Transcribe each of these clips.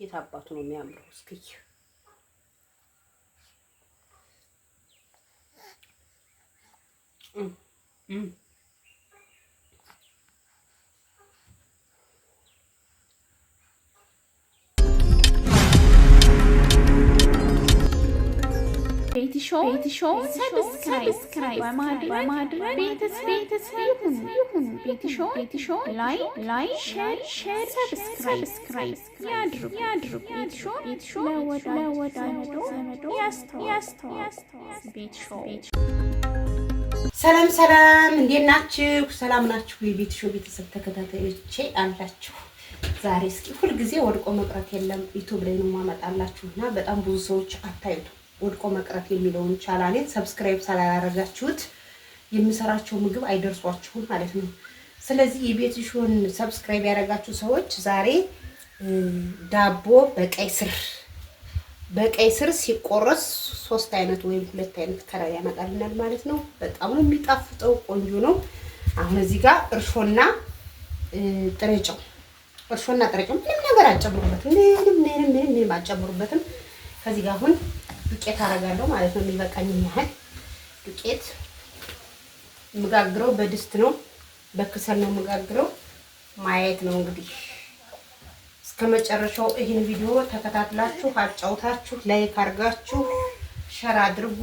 የት አባቱ ነው የሚያምረው? እስኪ ቤትሾውን ሰብስክራይብ በማድረግ ቤተሰብ ይሁኑ። ቤትሾውን ላይክ፣ ሼር፣ ሰብስክራይብ ያድርጉ። ቤትሾውን ለወዳጆ ዘመዶ ያስተዋውቁ። ቤትሾውን ሰላም ሰላም፣ እንዴት ናችሁ? ሰላም ናችሁ? የቤትሾ ቤተሰብ ተከታታዮቼ አላችሁ? ዛሬ እስኪ ሁልጊዜ ወድቆ መቅረት የለም ዩቱብ ላይ ነው የማመጣላችሁ እና በጣም ብዙ ሰዎች አታዩቱ ወድቆ መቅረት የሚለውን ቻናሌን ሰብስክራይብ ሳላደረጋችሁት የምሰራቸው ምግብ አይደርሷችሁም ማለት ነው። ስለዚህ የቤትሽውን ሰብስክራይብ ያደረጋችሁ ሰዎች ዛሬ ዳቦ በቀይ ስር በቀይ ስር ሲቆረስ ሶስት አይነት ወይም ሁለት አይነት ከረር ያመጣልናል ማለት ነው። በጣም ነው የሚጣፍጠው፣ ቆንጆ ነው። አሁን እዚህ ጋር እርሾና ጥሬ እርሾና ጥሬ ምንም ነገር አጨምሩበትም፣ ምንም ምንም ምንም አጨምሩበትም። ከዚህ ጋር አሁን ዱቄት አደርጋለሁ ማለት ነው። የሚበቃኝ ያህል ዱቄት የምጋግረው በድስት ነው፣ በክሰል ነው የምጋግረው። ማየት ነው እንግዲህ እስከ መጨረሻው። ይህን ቪዲዮ ተከታትላችሁ አጫውታችሁ ላይክ አድርጋችሁ ሸር አድርጉ።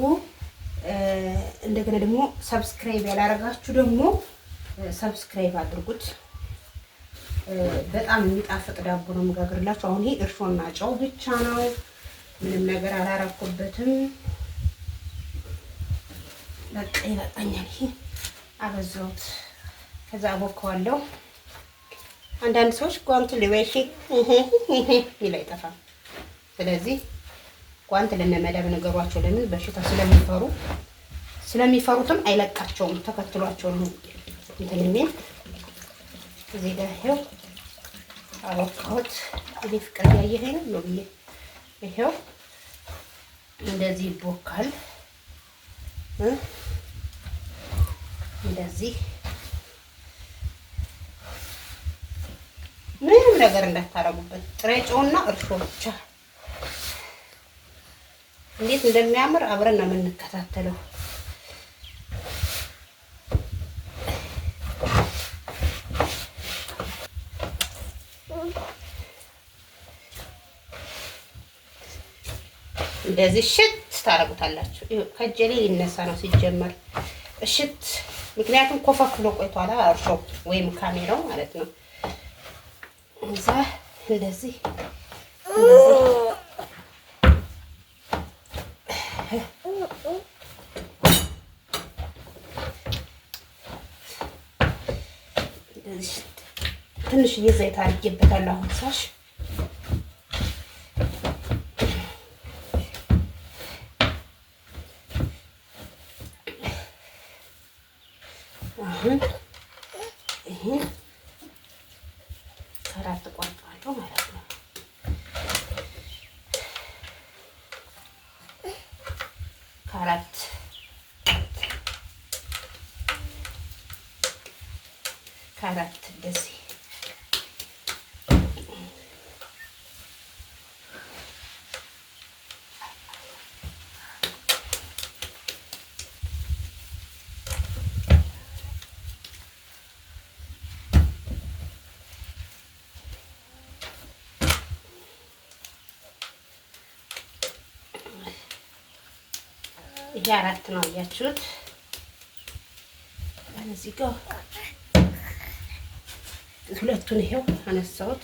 እንደገና ደግሞ ሰብስክራይብ ያላደረጋችሁ ደግሞ ሰብስክራይብ አድርጉት። በጣም የሚጣፍጥ ዳቦ ነው የምጋግርላችሁ። አሁን ይሄ እርሾና ጨው ብቻ ነው። ነገር አላረኩበትም። በቃ ይበቃኛል። ይሄ አበዛሁት። ከዛ አቦከዋለሁ። አንዳንድ ሰዎች ጓንት ሊበሽ ይላ አይጠፋም። ስለዚህ ጓንት ለመመዳብ ነገሯቸው። ለምን በሽታ ስለሚፈሩ ስለሚፈሩትም አይለቃቸውም። ተከትሏቸው ነው እንትን የሚል እዚህ ጋር ይኸው አቦካዎት እኔ ፍቅር እያየኸኝ ነው ብዬ ይኸው እንደዚህ ይቦካል። እንደዚህ ምንም ነገር እንዳታረጉበት፣ ጥሬ ጨውና እርሾ ብቻ። እንዴት እንደሚያምር አብረን ነው የምንከታተለው። እንደዚህ እሽት ታረጉታላችሁ። ከእጄ ላይ ሊነሳ ነው ሲጀመር እሽት። ምክንያቱም ኮፈክ ብሎ ቆይቷላ እርሾ ወይም ካሜራው ማለት ነው። እዛ እንደዚህ ትንሽ እየዘይት አድርጌበታለሁ አሁን ሳሽ ከአራት ከአራት እንደዚህ ይሄ አራት ነው እያችሁት። እዚህ ጋር ሁለቱን ይሄው አነሳሁት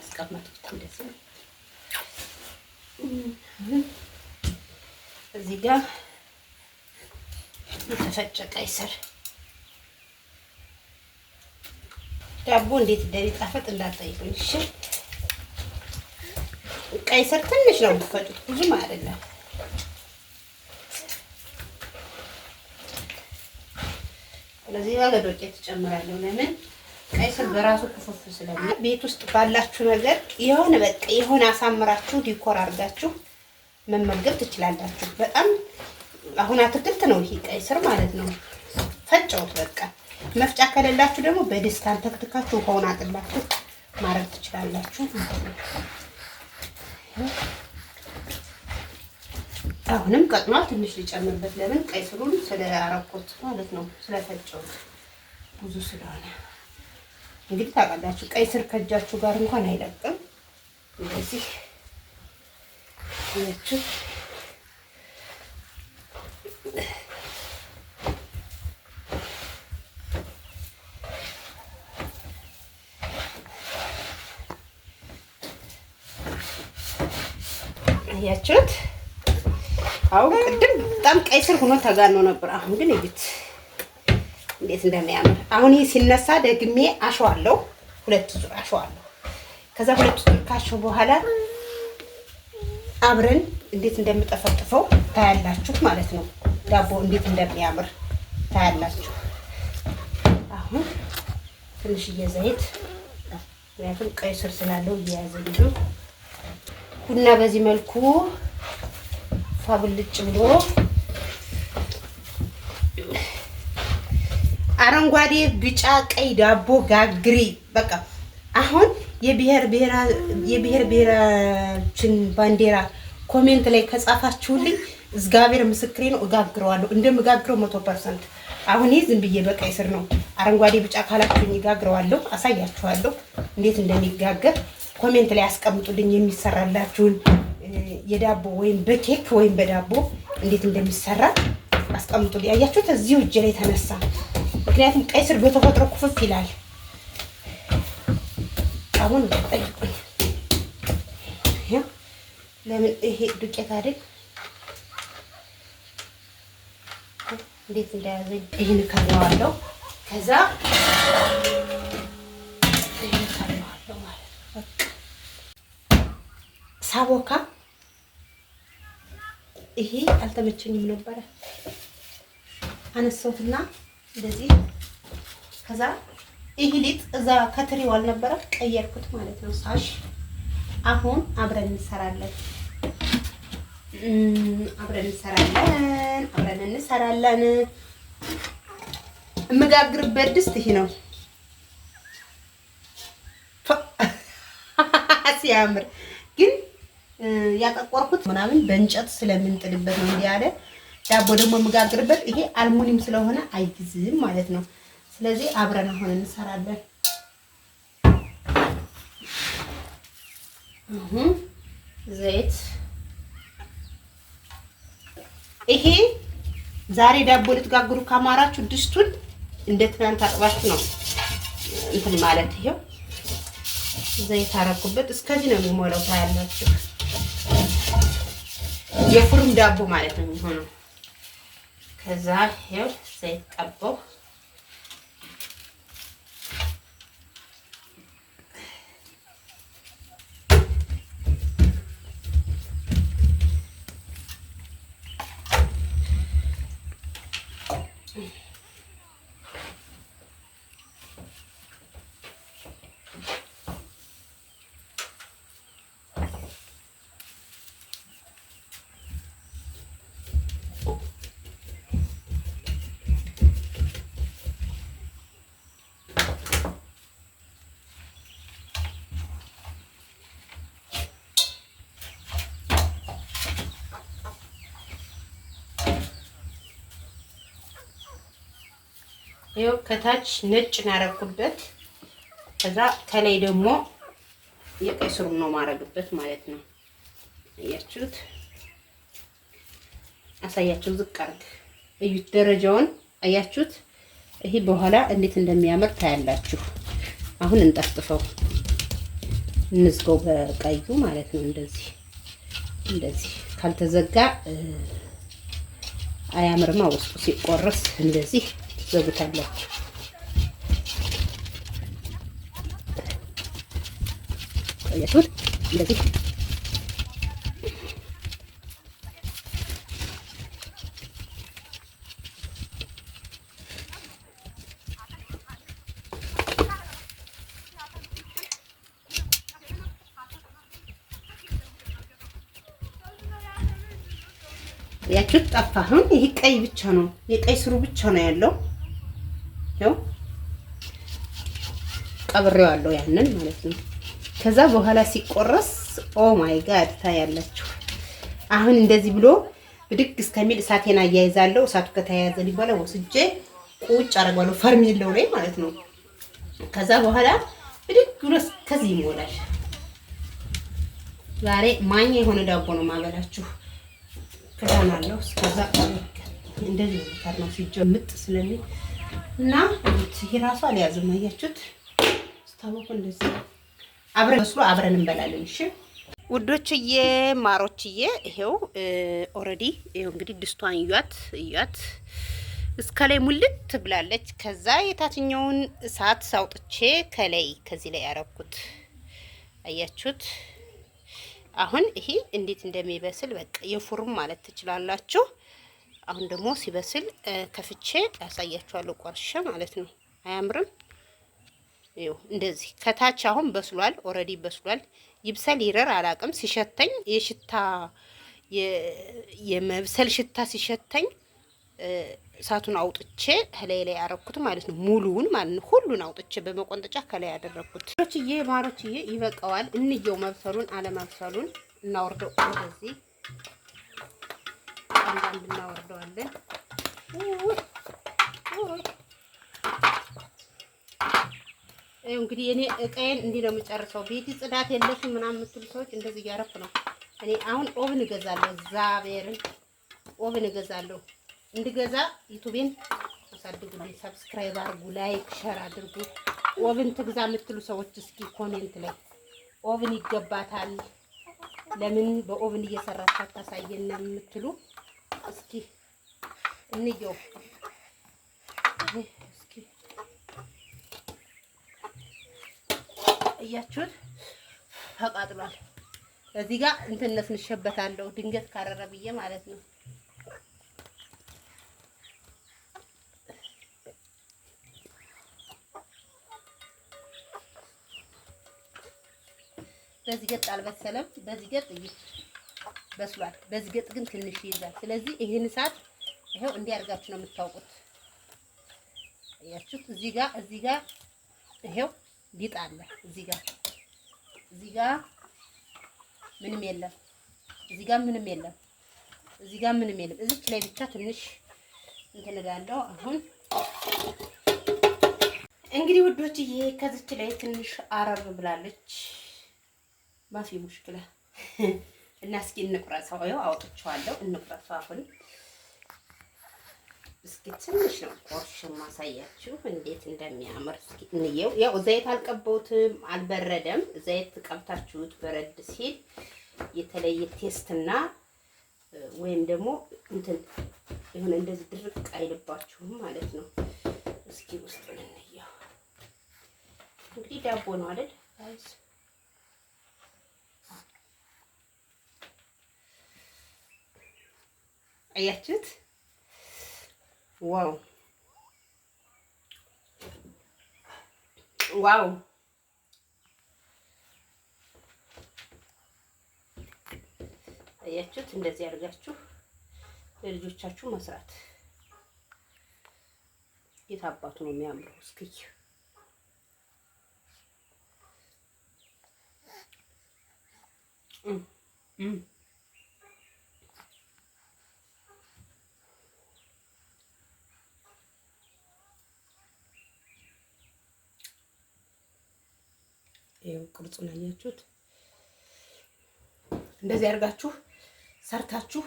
አስቀመጥኩት። እንደዚህ እዚህ ጋ የተፈጨ ቀይ ስር ዳቦ እንዴት እንደሚጣፈጥ እንዳትጠይቁኝ እሺ። ቀይ ስር ትንሽ ነው የምትፈጩት፣ ብዙም አይደለም። ስለዚህ ባገዶ ቄት ትጨምራለሁ። ለምን ቀይ ስር በራሱ ክፍፍ ስለሚ ቤት ውስጥ ባላችሁ ነገር የሆነ በቃ የሆነ አሳምራችሁ ዲኮር አድርጋችሁ መመገብ ትችላላችሁ። በጣም አሁን አትክልት ነው ይሄ ቀይ ስር ማለት ነው። ፈጨውት በቃ መፍጫ ከሌላችሁ ደግሞ በድስታን ተክትካችሁ ውሃውን አጥላችሁ ማድረግ ትችላላችሁ ማለት ነው። አሁንም ቀጥኗል። ትንሽ ሊጨምርበት ለምን ቀይ ስሩን ስለአረኮት ማለት ነው ስለፈጨሁት ብዙ ስለሆነ እንግዲህ ታውቃላችሁ፣ ቀይ ስር ከእጃችሁ ጋር እንኳን አይለቅም። እንደዚህ ያችሁ ያችሁት አሁን ቅድም በጣም ቀይ ስር ሆኖ ተጋኖ ነበር። አሁን ግን እዩት እንዴት እንደሚያምር። አሁን ይህ ሲነሳ ደግሜ አሸዋለሁ፣ ሁለት ዙር አሸዋለሁ። ከዛ ሁለት ዙር ካሸው በኋላ አብረን እንዴት እንደምጠፈጥፈው ታያላችሁ ማለት ነው። ዳቦ እንዴት እንደሚያምር ታያላችሁ። አሁን ትንሽዬ ዘይት ምክንያቱም ቀይ ስር ስላለው እየያዘ ቡና በዚህ መልኩ ብልጭ ብሎ አረንጓዴ፣ ቢጫ፣ ቀይ ዳቦ ጋግሪ። በቃ አሁን የብሔር ብሔራችን ባንዲራ ኮሜንት ላይ ከጻፋችሁልኝ እግዚአብሔር ምስክሬ ነው፣ እጋግረዋለሁ። እንደምጋግረው መቶ ፐርሰንት። አሁን ይህ ዝም ብዬ በቀይ ስር ነው። አረንጓዴ ቢጫ ካላችሁኝ እጋግረዋለሁ፣ አሳያችኋለሁ እንዴት እንደሚጋገር። ኮሜንት ላይ አስቀምጡልኝ የሚሰራላችሁን የዳቦ ወይም በኬክ ወይም በዳቦ እንዴት እንደሚሰራ አስቀምጡ። ያያችሁት እዚሁ እጅ ላይ ተነሳ። ምክንያቱም ቀይ ስር በተፈጥሮ ኩፍፍ ይላል። አሁን ጠይቁኝ ለምን ይሄ ዱቄት አይደል እንዴት እንደያዘ ይህን ከለዋለው ከዛ ሳቦካ ይሄ አልተመቸኝም ነበረ። አነሳሁትና እንደዚህ ከዛ ይሄ ሊጥ እዛ ከትሪው አልነበረ ቀየርኩት ማለት ነው። ሳሽ አሁን አብረን እንሰራለን፣ አብረን እንሰራለን፣ አብረን እንሰራለን። ድስት ይሄ ነው። ሲያምር ግን ያጠቆርኩት ምናምን በእንጨት ስለምንጥልበት ነው። እንዲህ ያለ ዳቦ ደግሞ የምጋግርበት ይሄ አልሙኒም ስለሆነ አይግዝም ማለት ነው። ስለዚህ አብረን አሁን እንሰራለን። ዘይት ይሄ ዛሬ ዳቦ ልትጋግሩ ካማራችሁ ድስቱን እንደ ትናንት አጥባችሁ ነው እንትን ማለት ይሄው ዘይት አረኩበት። እስከዚህ ነው የሚሞላው ታያላችሁ። የፉርም ዳቦ ማለት ነው የሚሆነው። ከዛ ይኸው ዘይት ቀባው ይኸው ከታች ነጭ ናረኩበት። ከዛ ከላይ ደግሞ የቀይ ስሩ ነው ማረግበት ማለት ነው። አያችሁት? አሳያችሁ ዝቅ አርግ እዩት፣ ደረጃውን አያችሁት? ይሄ በኋላ እንዴት እንደሚያምር ታያላችሁ። አሁን እንጠፍጥፈው፣ እንዝገው በቀዩ ማለት ነው። እንደዚህ እንደዚህ ካልተዘጋ አያምርማ ውስጡ ሲቆረስ እንደዚህ ትዘጉታላችሁ። ያችሁት እንደዚህ ያችሁት ጠፋ። አሁን ይሄ ቀይ ብቻ ነው፣ የቀይ ስሩ ብቻ ነው ያለው። ያው ቀብሬዋለሁ ያንን ማለት ነው። ከዛ በኋላ ሲቆረስ ኦ ማይ ጋድ ታያላችሁ። አሁን እንደዚህ ብሎ ብድግ እስከሚል እሳቴን አያይዛለሁ። እሳቱ ከተያያዘ ወስጄ ቁጭ አደርገዋለሁ ፈርሜለው ላይ ማለት ነው። ከዛ በኋላ ብድግ ብሎ ይሞላል። ዛሬ ማኛ የሆነ ዳቦ ነው ማበላችሁ። ክዳን እንደዚህ ነው ሲጀምጥ ስለሚል እና ይሄ ራሱ አልያዝም። አያችሁት? ስታወቁ እንደዚህ አብረን መስሎ አብረን እንበላለን። እሺ ውዶችዬ፣ ማሮችዬ ይሄው ኦልሬዲ ይሄው እንግዲህ ድስቷን እያት እያት እስከ ላይ ሙልት ትብላለች። ከዛ የታችኛውን እሳት ሳውጥቼ ከላይ ከዚህ ላይ ያረኩት አያችሁት። አሁን ይሄ እንዴት እንደሚበስል በቃ የፉርም ማለት ትችላላችሁ። አሁን ደግሞ ሲበስል ከፍቼ ያሳያችኋለሁ፣ ቆርሼ ማለት ነው። አያምርም? ይኸው እንደዚህ ከታች አሁን በስሏል። ኦልሬዲ በስሏል። ይብሰል ይረር አላቅም። ሲሸተኝ የሽታ የመብሰል ሽታ ሲሸተኝ እሳቱን አውጥቼ ከላይ ላይ ያረኩት ማለት ነው። ሙሉውን ማለት ነው። ሁሉን አውጥቼ በመቆንጠጫ ከላይ ያደረኩት። ማሮችዬ ማሮችዬ፣ ይበቀዋል። እንየው መብሰሉን አለመብሰሉን። እናወርደው ወደዚህ አንዳንድ እናወርደዋለን። እንግዲህ እኔ እቃዬን እንዲህ ነው የምጨርሰው። ቤት ጽዳት የለሽም ምናምን የምትሉ ሰዎች እንደዚህ እያረኩ ነው። እኔ አሁን ኦብን እገዛለሁ፣ እግዚአብሔርን ኦብን እገዛለሁ። እንድገዛ ዩቱቤን አሳድጉልኝ፣ ሰብስክራይብ አድርጉ፣ ላይክ ሸር አድርጉ። ኦብን ትግዛ የምትሉ ሰዎች እስኪ ኮሜንት ላይ ኦብን ይገባታል ለምን በኦብን እየሰራች አታሳየን የምትሉ እስኪ እንየው። እስኪ እያችሁት ተቃጥሏል። እዚህ ጋር እንትን ነስንሸበታለሁ ድንገት ካረረ ብዬ ማለት ነው። በዚህ ገጥ አልበሰለም። በዚህ ገጥ በስሏል። በዝገጥ ግን ትንሽ ይይዛል። ስለዚህ ይህን እሳት ይኸው እንዲህ አድርጋችሁ ነው የምታውቁት። ያችሁት እዚህ ጋር እዚህ ጋር ይኸው ሊጥ አለ። እዚህ ጋር እዚህ ጋር ምንም የለም። እዚህ ጋር ምንም የለም። እዚህ ጋር ምንም የለም። እዚች ላይ ብቻ ትንሽ እንትን እላለሁ አሁን እንግዲህ ውዶች ይሄ ከዚች ላይ ትንሽ አረር ብላለች። ማፊ ሙሽክላ እና እስኪ እንቁረሰው። ይኸው አውጥቼዋለሁ። እንቁረሰው። አሁን እስኪ ትንሽ ነው ቆርሽ ማሳያችሁ እንዴት እንደሚያምር እስኪ እንየው። ያው ዘይት አልቀባሁትም፣ አልበረደም። ዘይት ቀብታችሁት በረድ ሲል የተለየ ቴስት እና ወይም ደግሞ እንትን የሆነ እንደዚህ ድርቅ አይልባችሁም ማለት ነው። እስኪ ውስጡን እንየው። እንግዲህ ዳቦ ነው አይደል? አያችሁት? ዋው ዋው! አያችሁት? እንደዚህ አድርጋችሁ ለልጆቻችሁ መስራት የት አባቱ ነው የሚያምረው? እስኪ ይኸው ቅርጹን አያችሁት። እንደዚህ አድርጋችሁ ሰርታችሁ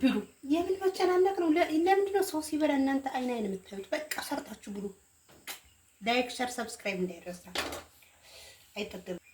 ብሉ። የምን መጨናነቅ ነው? ለምንድን ነው ሰው ሲበላ እናንተ አይን አይን የምታዩት? በቃ ሰርታችሁ ብሉ። ላይክ፣ ሸር፣ ሰብስክራይብ እንዳይረሳ አይጠገብም።